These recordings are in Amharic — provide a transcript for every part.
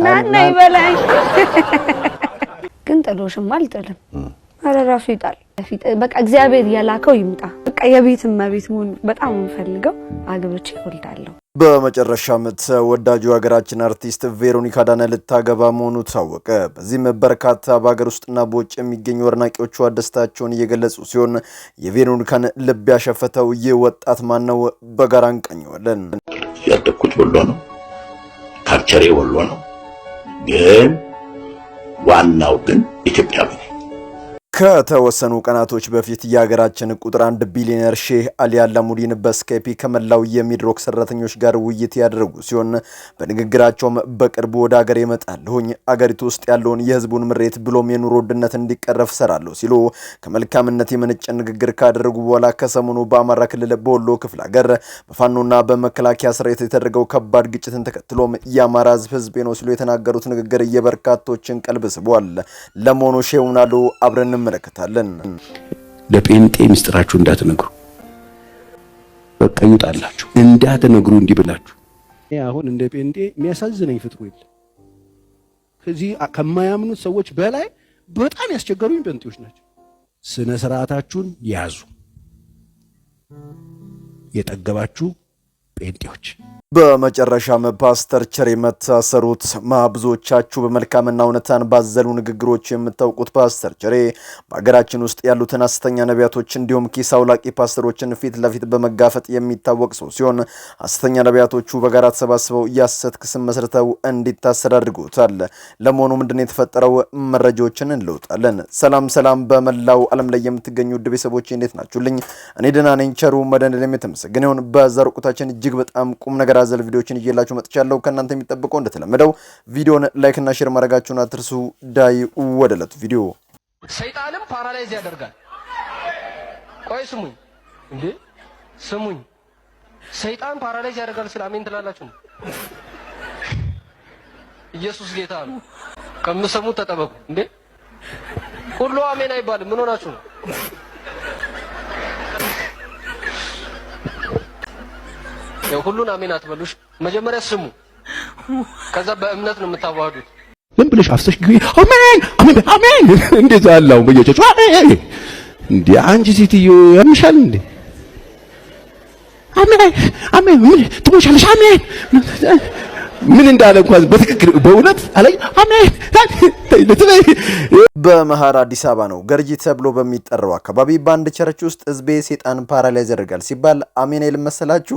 እናት ነይ ግን ጥሎሽም አልጥልም። ኧረ እራሱ ይጣል በቃ እግዚአብሔር የላከው ይምጣ። በቃ የቤት እመቤት መሆን በጣም የምፈልገው አግብቼ እወልዳለሁ። በመጨረሻም ተወዳጁ ሀገራችን አርቲስት ቬሮኒካ አዳነ ልታገባ መሆኑ ታወቀ። በዚህም በርካታ በሀገር ውስጥና በውጭ የሚገኙ አድናቂዎቿ ደስታቸውን እየገለጹ ሲሆን የቬሮኒካን ልብ ያሸፈተው ይህ ወጣት ማን ነው? በጋራ እንቀኘዋለን። ያደግኩት ወሎ ነው። ካርቸሬ ወሎ ነው። ግን ዋናው ግን ኢትዮጵያዊ ከተወሰኑ ቀናቶች በፊት የሀገራችን ቁጥር አንድ ቢሊዮነር ሼህ አሊ አላሙዲን በስካይፕ ከመላው የሚድሮክ ሰራተኞች ጋር ውይይት ያደረጉ ሲሆን በንግግራቸውም በቅርቡ ወደ ሀገር ይመጣለሁኝ፣ አገሪቱ ውስጥ ያለውን የህዝቡን ምሬት ብሎም የኑሮ ውድነት እንዲቀረፍ ሰራለሁ ሲሉ ከመልካምነት የመነጨ ንግግር ካደረጉ በኋላ ከሰሞኑ በአማራ ክልል በወሎ ክፍለ ሀገር በፋኖና በመከላከያ ሰራዊት የተደረገው ከባድ ግጭትን ተከትሎም የአማራ ህዝብ ህዝቤ ነው ሲሉ የተናገሩት ንግግር የበርካቶችን ቀልብ ስቧል። ለመሆኑ ሼህ አሉ? እንመለከታለን። ለጴንጤ ምስጢራችሁ እንዳትነግሩ፣ በቃ ይውጣላችሁ፣ እንዳትነግሩ እንዲህ ብላችሁ። አሁን እንደ ጴንጤ የሚያሳዝነኝ ፍጥሩ የለ። ከዚህ ከማያምኑት ሰዎች በላይ በጣም ያስቸገሩኝ ጴንጤዎች ናቸው። ስነ ስርዓታችሁን ያዙ። የጠገባችሁ ጴንጤዎች። በመጨረሻም ፓስተር ቸር የመታሰሩት ብዙዎቻችሁ በመልካምና እውነታን ባዘሉ ንግግሮች የምታውቁት ፓስተር ቸሬ በሀገራችን ውስጥ ያሉትን ሐሰተኛ ነቢያቶች እንዲሁም ኪስ አውላቂ ፓስተሮችን ፊት ለፊት በመጋፈጥ የሚታወቅ ሰው ሲሆን ሐሰተኛ ነቢያቶቹ በጋራ ተሰባስበው የሐሰት ክስም መስርተው እንዲታሰር አድርጎታል። ለመሆኑ ምንድን የተፈጠረው? መረጃዎችን እንለውጣለን። ሰላም ሰላም፣ በመላው ዓለም ላይ የምትገኙ ውድ ቤተሰቦች እንዴት ናችሁልኝ? እኔ ደህና ነኝ። ቸሩ መድኃኒዓለም የተመሰገነ ይሁን። በዛሬው ቆይታችን እጅግ እጅግ በጣም ቁም ነገር አዘል ቪዲዮዎችን እየላችሁ መጥቻለሁ። ከእናንተ የሚጠብቀው እንደተለመደው ቪዲዮን ላይክና ሼር ማድረጋችሁን አትርሱ። ዳይ ወደ ዕለቱ ቪዲዮ። ሰይጣንም ፓራላይዝ ያደርጋል። ቆይ ስሙኝ እንዴ ስሙኝ፣ ሰይጣን ፓራላይዝ ያደርጋል ስለ አሜን ትላላችሁ ነው። ኢየሱስ ጌታ ነው። ከምሰሙት ተጠበቁ እንዴ። ሁሉ አሜን አይባልም። ምን ሆናችሁ ነው? ሁሉን አሜን አትበሉሽ። መጀመሪያ ስሙ፣ ከዛ በእምነት ነው የምታዋህዱት። ምን ብለሽ አፍሰሽ ግቢ። አሜን አሜን አሜን። እንዴት አላው በየጨጩ አሜን። እንዴ አንቺ ሴትዮ ያምሻል እንዴ? አሜን አሜን። ምን ትሞሻለሽ? አሜን ምን እንዳለ እንኳን በትክክል በእውነት አለኝ። አሜን በመሀል አዲስ አበባ ነው ገርጂ ተብሎ በሚጠራው አካባቢ በአንድ ቸርች ውስጥ ህዝቤ ሴጣን ፓራላይዝ ያደርጋል ሲባል አሜን አይልም መሰላችሁ?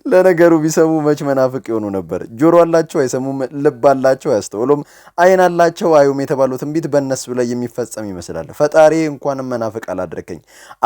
ለነገሩ ቢሰሙ መች መናፍቅ የሆኑ ነበር። ጆሮ አላቸው አይሰሙም፣ ልብ አላቸው አያስተውሉም፣ አይን አላቸው አዩም የተባለው ትንቢት በእነሱ ላይ የሚፈጸም ይመስላል። ፈጣሪ እንኳንም መናፍቅ አላድረገኝ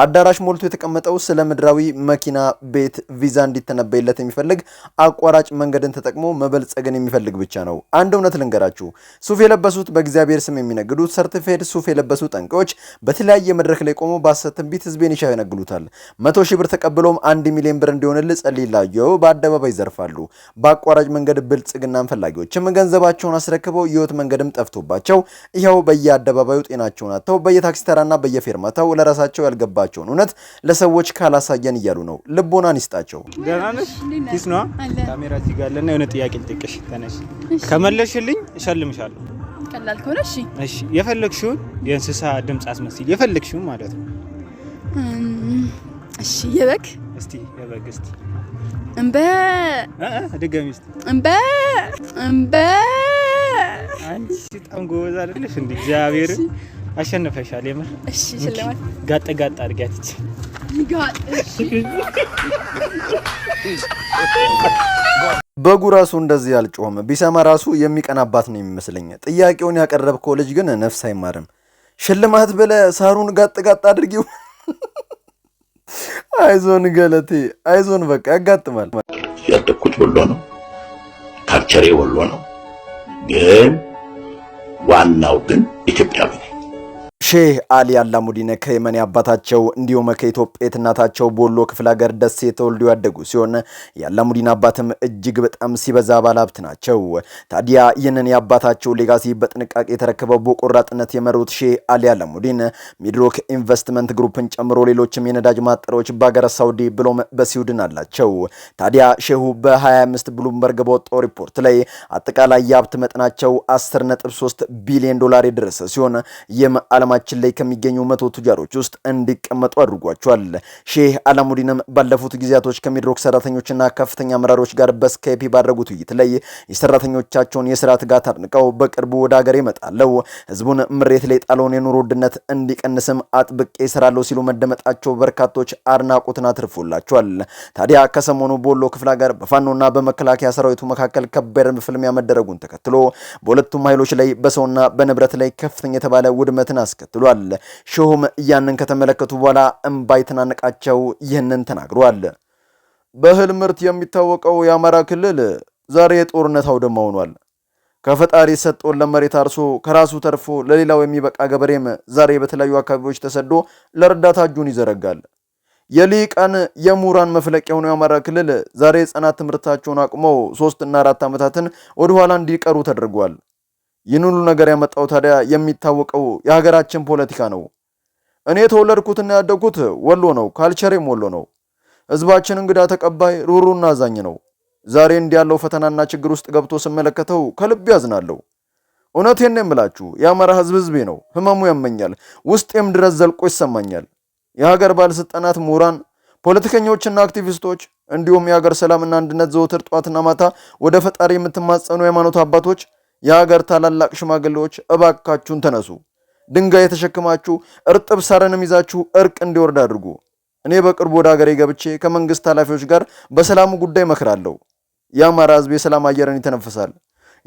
አዳራሽ ሞልቶ የተቀመጠው ስለ ምድራዊ መኪና፣ ቤት፣ ቪዛ እንዲተነበይለት የሚፈልግ አቋራጭ መንገድን ተጠቅሞ መበልጸግን የሚፈልግ ብቻ ነው። አንድ እውነት ልንገራችሁ፣ ሱፍ የለበሱት በእግዚአብሔር ስም የሚነግዱት ሰርቲፌድ ሱፍ የለበሱ ጠንቋዮች በተለያየ መድረክ ላይ ቆሞ በሐሰት ትንቢት ህዝቤን ይሸነግሉታል። መቶ ሺህ ብር ተቀብሎም አንድ ሚሊዮን ብር እንዲሆንል ጸልይላየው በአደባባይ ይዘርፋሉ። በአቋራጭ መንገድ ብልጽግናን ፈላጊዎችም ገንዘባቸውን አስረክበው የህይወት መንገድም ጠፍቶባቸው ይኸው በየአደባባዩ ጤናቸውን አጥተው በየታክሲ ተራና በየፌርማታው ለራሳቸው ያልገባቸውን እውነት ለሰዎች ካላሳየን እያሉ ነው። ልቦናን ይስጣቸው። ደህና ካሜራ የሆነ ጥያቄ ልጠይቅሽ። ተነሽ። ከመለሽልኝ እሸልምሻለሁ። ቀላል ከሆነ እሺ፣ እሺ። የፈለግሽውን የእንስሳ ድምፅ አስመስል፣ የፈለግሽውን ማለት ነው። እሺ፣ የበግ እስቲ፣ የበግ እስቲ እምበ ድጋሚ እስኪ እምበ አንቺ በጣም ጎበዝ አይደለሽ እግዚአብሔር አሸንፈሻል። የምር አድርጊያት። በጉ ራሱ እንደዚህ ያልጮህም ቢሰማ ራሱ የሚቀናባት ነው የሚመስለኝ። ጥያቄውን ያቀረብከው ልጅ ግን ነፍስ አይማርም። ሽልማት ብለህ ሳሩን ጋጥ ጋጥ አድርጊው አይዞን ገለቴ አይዞን፣ በቃ ያጋጥማል። ያደግኩት ወሎ ነው፣ ካልቸሬ ወሎ ነው። ግን ዋናው ግን ኢትዮጵያዊ ሼህ አሊ አላሙዲን ከየመን አባታቸው እንዲሁም ከኢትዮጵያ እናታቸው በወሎ ክፍለ ሀገር ደሴ ተወልደው ያደጉ ሲሆን የአላሙዲን አባትም እጅግ በጣም ሲበዛ ባለሀብት ናቸው። ታዲያ ይህንን የአባታቸው ሌጋሲ በጥንቃቄ የተረከበው በቆራጥነት የመሩት ሼህ አሊ አላሙዲን ሚድሮክ ኢንቨስትመንት ግሩፕን ጨምሮ ሌሎችም የነዳጅ ማጣሪያዎች በሀገረ ሳውዲ ብሎም በስዊድን አላቸው። ታዲያ ሼሁ በ25 ብሉምበርግ በወጣው ሪፖርት ላይ አጠቃላይ የሀብት መጠናቸው 10.3 ቢሊዮን ዶላር የደረሰ ሲሆን ይህም ዓለም ከተማችን ላይ ከሚገኙ መቶ ቱጃሮች ውስጥ እንዲቀመጡ አድርጓቸዋል። ሼህ አላሙዲንም ባለፉት ጊዜያቶች ከሚድሮክ ሰራተኞችና ከፍተኛ አመራሮች ጋር በስካይፕ ባደረጉት ውይይት ላይ የሰራተኞቻቸውን የስራ ትጋት አድንቀው በቅርቡ ወደ ሀገር ይመጣለው፣ ህዝቡን ምሬት ላይ ጣለውን የኑሮ ውድነት እንዲቀንስም አጥብቄ ይሰራለሁ ሲሉ መደመጣቸው በርካቶች አድናቆትን አትርፎላቸዋል። ታዲያ ከሰሞኑ በወሎ ክፍለ ሀገር በፋኖና በመከላከያ ሰራዊቱ መካከል ከባድ ፍልሚያ መደረጉን ተከትሎ በሁለቱም ኃይሎች ላይ በሰውና በንብረት ላይ ከፍተኛ የተባለ ውድመትን አስከ አስከትሏል። ሾሁም ያንን ከተመለከቱ በኋላ እምባ የተናነቃቸው ይህንን ተናግሯል። በእህል ምርት የሚታወቀው የአማራ ክልል ዛሬ የጦርነት አውድማ ሆኗል። ከፈጣሪ ሰጦን ለመሬት አርሶ ከራሱ ተርፎ ለሌላው የሚበቃ ገበሬም ዛሬ በተለያዩ አካባቢዎች ተሰዶ ለእርዳታ እጁን ይዘረጋል። የልሂቃን የምሁራን መፍለቂያ የሆነው የአማራ ክልል ዛሬ ሕፃናት ትምህርታቸውን አቁመው ሶስትና አራት ዓመታትን ወደኋላ እንዲቀሩ ተደርጓል። ይህን ሁሉ ነገር ያመጣው ታዲያ የሚታወቀው የሀገራችን ፖለቲካ ነው። እኔ የተወለድኩትና ያደግኩት ወሎ ነው። ካልቸሬም ወሎ ነው። ህዝባችን እንግዳ ተቀባይ፣ ሩሩና አዛኝ ነው። ዛሬ እንዲህ ያለው ፈተናና ችግር ውስጥ ገብቶ ስመለከተው ከልብ ያዝናለሁ። እውነቴን የምላችሁ፣ የአማራ ህዝብ ህዝቤ ነው። ህመሙ ያመኛል፣ ውስጤም ድረስ ዘልቆ ይሰማኛል። የሀገር ባለስልጣናት፣ ምሁራን፣ ፖለቲከኞችና አክቲቪስቶች እንዲሁም የሀገር ሰላምና አንድነት ዘወትር ጠዋትና ማታ ወደ ፈጣሪ የምትማጸኑ ሃይማኖት አባቶች የሀገር ታላላቅ ሽማግሌዎች እባካችሁን ተነሱ፣ ድንጋይ የተሸክማችሁ እርጥብ ሳርንም ይዛችሁ እርቅ እንዲወርድ አድርጉ። እኔ በቅርቡ ወደ ሀገሬ ገብቼ ከመንግስት ኃላፊዎች ጋር በሰላሙ ጉዳይ መክራለሁ። የአማራ ህዝብ የሰላም አየርን ይተነፍሳል፣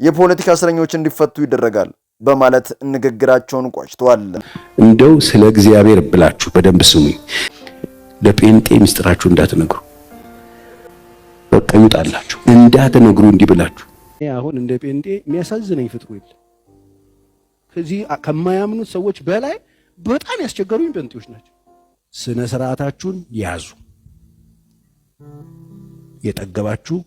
የፖለቲካ እስረኞች እንዲፈቱ ይደረጋል በማለት ንግግራቸውን ቋጭተዋል። እንደው ስለ እግዚአብሔር ብላችሁ በደንብ ስሙኝ። ለጴንጤ ምስጢራችሁ እንዳትነግሩ፣ በቃ ይውጣላችሁ እንዳትነግሩ እንዲህ ብላችሁ አሁን እንደ ጴንጤ የሚያሳዝነኝ ፍጥሩ የለ። ከዚህ ከማያምኑት ሰዎች በላይ በጣም ያስቸገሩኝ ጴንጤዎች ናቸው። ስነ ስርዓታችሁን ያዙ፣ የጠገባችሁ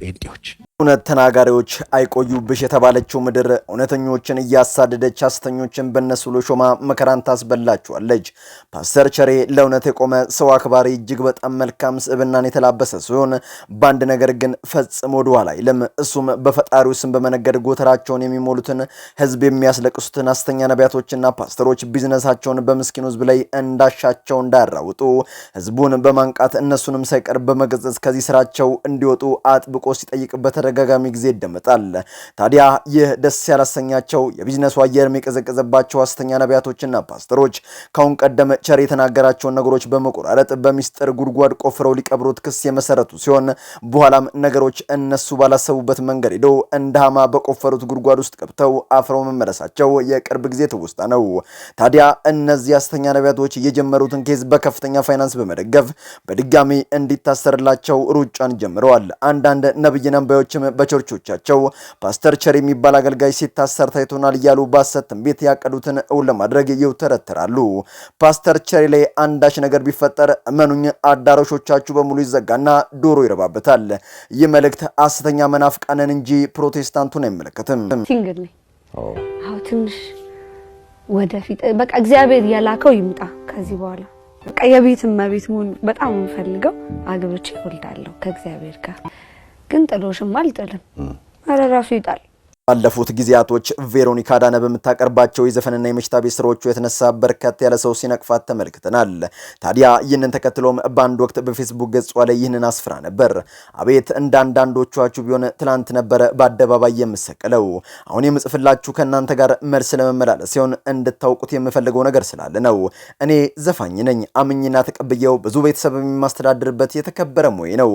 ጴንጤዎች እውነት ተናጋሪዎች አይቆዩብሽ የተባለችው ምድር እውነተኞችን እያሳደደች ሐሰተኞችን በእነሱ ሎሾማ መከራን ታስበላችኋለች። ፓስተር ቸሬ ለእውነት የቆመ ሰው አክባሪ፣ እጅግ በጣም መልካም ስብዕናን የተላበሰ ሲሆን በአንድ ነገር ግን ፈጽሞ ወደኋላ አይልም። እሱም በፈጣሪው ስም በመነገድ ጎተራቸውን የሚሞሉትን ህዝብ የሚያስለቅሱትን ሐሰተኛ ነቢያቶችና ፓስተሮች ቢዝነሳቸውን በምስኪኑ ሕዝብ ላይ እንዳሻቸው እንዳያራውጡ ህዝቡን በማንቃት እነሱንም ሳይቀርብ በመገዘዝ ከዚህ ስራቸው እንዲወጡ አጥብቆ ሲጠይቅበት በተደጋጋሚ ጊዜ ይደመጣል። ታዲያ ይህ ደስ ያላሰኛቸው የቢዝነሱ አየር የሚቀዘቀዘባቸው ሐሰተኛ ነቢያቶችና ፓስተሮች ከአሁን ቀደም ቸር የተናገራቸውን ነገሮች በመቆራረጥ በሚስጥር ጉድጓድ ቆፍረው ሊቀብሩት ክስ የመሰረቱ ሲሆን በኋላም ነገሮች እነሱ ባላሰቡበት መንገድ ሄደው እንደ ሀማ በቆፈሩት ጉድጓድ ውስጥ ገብተው አፍረው መመለሳቸው የቅርብ ጊዜ ትውስታ ነው። ታዲያ እነዚህ ሐሰተኛ ነቢያቶች የጀመሩትን ኬዝ በከፍተኛ ፋይናንስ በመደገፍ በድጋሚ እንዲታሰርላቸው ሩጫን ጀምረዋል። አንዳንድ ነብይ ነንባዮች ሰዎችም በቸርቾቻቸው ፓስተር ቸር የሚባል አገልጋይ ሲታሰር ታይቶናል እያሉ ባሰት ትንቢት ያቀዱትን እውን ለማድረግ ይውተረትራሉ። ፓስተር ቸሪ ላይ አንዳች ነገር ቢፈጠር እመኑኝ አዳራሾቻችሁ በሙሉ ይዘጋና ዶሮ ይረባበታል። ይህ መልእክት ሐሰተኛ መናፍቃንን እንጂ ፕሮቴስታንቱን አይመለከትም። ሲንግል ነኝ። አዎ ትንሽ ወደፊት በቃ እግዚአብሔር ያላከው ይምጣ። ከዚህ በኋላ በቃ የቤት እመቤት መሆን በጣም የምፈልገው አግብቼ እወልዳለሁ ከእግዚአብሔር ጋር ግን ጥሎሽማ አልጥልም። ኧረ ራሱ ይጣል ባለፉት ጊዜያቶች ቬሮኒካ ዳነ በምታቀርባቸው የዘፈንና የመሽታ ቤት ስራዎቹ የተነሳ በርከት ያለ ሰው ሲነቅፋት ተመልክተናል። ታዲያ ይህንን ተከትሎም በአንድ ወቅት በፌስቡክ ገጿ ላይ ይህንን አስፍራ ነበር። አቤት እንደ አንዳንዶቻችሁ ቢሆን ትናንት ነበረ በአደባባይ የምሰቅለው። አሁን የምጽፍላችሁ ከእናንተ ጋር መልስ ለመመላለስ ሲሆን እንድታውቁት የምፈልገው ነገር ስላለ ነው። እኔ ዘፋኝ ነኝ አምኝና ተቀብየው ብዙ ቤተሰብ የማስተዳድርበት የተከበረ ሙያ ነው።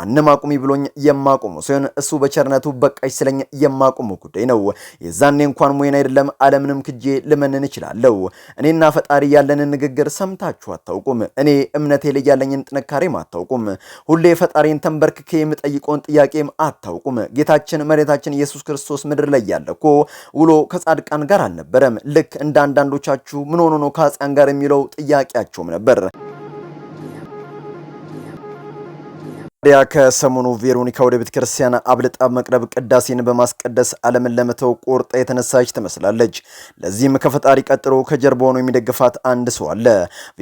ማንም አቁሚ ብሎኝ የማቆሙ ሲሆን እሱ በቸርነቱ በቃሽ ስለኝ የማቆሙ ጉዳይ ነው። የዛኔ እንኳን ሙሄን አይደለም አለምንም ክጄ ልመንን እችላለሁ። እኔና ፈጣሪ ያለንን ንግግር ሰምታችሁ አታውቁም። እኔ እምነቴ ላይ ያለኝን ጥንካሬም አታውቁም። ሁሌ ፈጣሪን ተንበርክኬ የምጠይቀውን ጥያቄም አታውቁም። ጌታችን መሬታችን ኢየሱስ ክርስቶስ ምድር ላይ ያለ እኮ ውሎ ከጻድቃን ጋር አልነበረም። ልክ እንደ አንዳንዶቻችሁ ምን ሆኖ ነው ከኃጥአን ጋር የሚለው ጥያቄያቸውም ነበር። ታዲያ ከሰሞኑ ቬሮኒካ ወደ ቤተ ክርስቲያን አብልጣ መቅረብ ቅዳሴን በማስቀደስ ዓለምን ለመተው ቆርጣ የተነሳች ትመስላለች። ለዚህም ከፈጣሪ ቀጥሎ ከጀርባ ሆኖ የሚደግፋት አንድ ሰው አለ።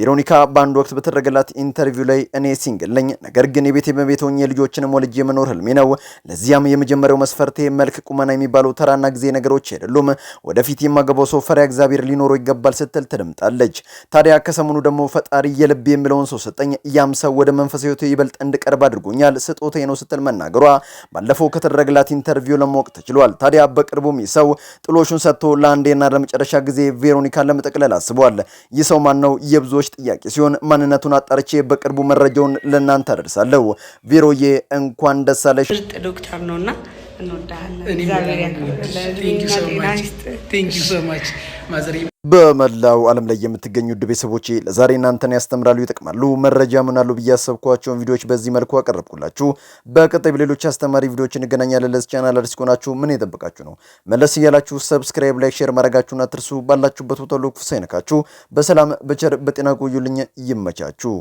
ቬሮኒካ በአንድ ወቅት በተደረገላት ኢንተርቪው ላይ እኔ ሲንግል ነኝ፣ ነገር ግን የቤቴ እመቤት ሆኜ ልጆችንም ወልጄ መኖር ህልሜ ነው። ለዚያም የመጀመሪያው መስፈርቴ መልክ፣ ቁመና የሚባሉ ተራና ጊዜ ነገሮች አይደሉም። ወደፊት የማገባው ሰው ፈሪያ እግዚአብሔር ሊኖረው ይገባል ስትል ትደምጣለች። ታዲያ ከሰሞኑ ደግሞ ፈጣሪ የልብ የሚለውን ሰው ሰጠኝ። ያም ሰው ወደ መንፈሳዊ ይበልጥ እንድቀርብ አድርጎ ሰጥቶኛል፣ ስጦቴ ነው ስትል መናገሯ ባለፈው ከተደረገላት ኢንተርቪው ለማወቅ ተችሏል። ታዲያ በቅርቡም ይህ ሰው ጥሎሹን ሰጥቶ ለአንዴና ለመጨረሻ ጊዜ ቬሮኒካን ለመጠቅለል አስቧል። ይህ ሰው ማን ነው? የብዙዎች ጥያቄ ሲሆን ማንነቱን አጣርቼ በቅርቡ መረጃውን ለእናንተ አደርሳለሁ። ቬሮዬ እንኳን ደሳለሽ። ዶክተር ነውና በመላው ዓለም ላይ የምትገኙ ውድ ቤተሰቦች ለዛሬ እናንተን ያስተምራሉ፣ ይጠቅማሉ፣ መረጃ ምናሉ ብዬ ያሰብኳቸውን ቪዲዮዎች በዚህ መልኩ አቀረብኩላችሁ። በቀጣይ በሌሎች አስተማሪ ቪዲዮዎች እንገናኛለን። ለዚህ ቻናል አዲስ ከሆናችሁ ምን የጠበቃችሁ ነው? መለስ እያላችሁ ሰብስክራይብ፣ ላይክ፣ ሼር ማድረጋችሁን አትርሱ። ባላችሁበት ቦታ ሁሉ ክፉ ሳይነካችሁ በሰላም በቸር በጤና ቆዩልኝ። ይመቻችሁ።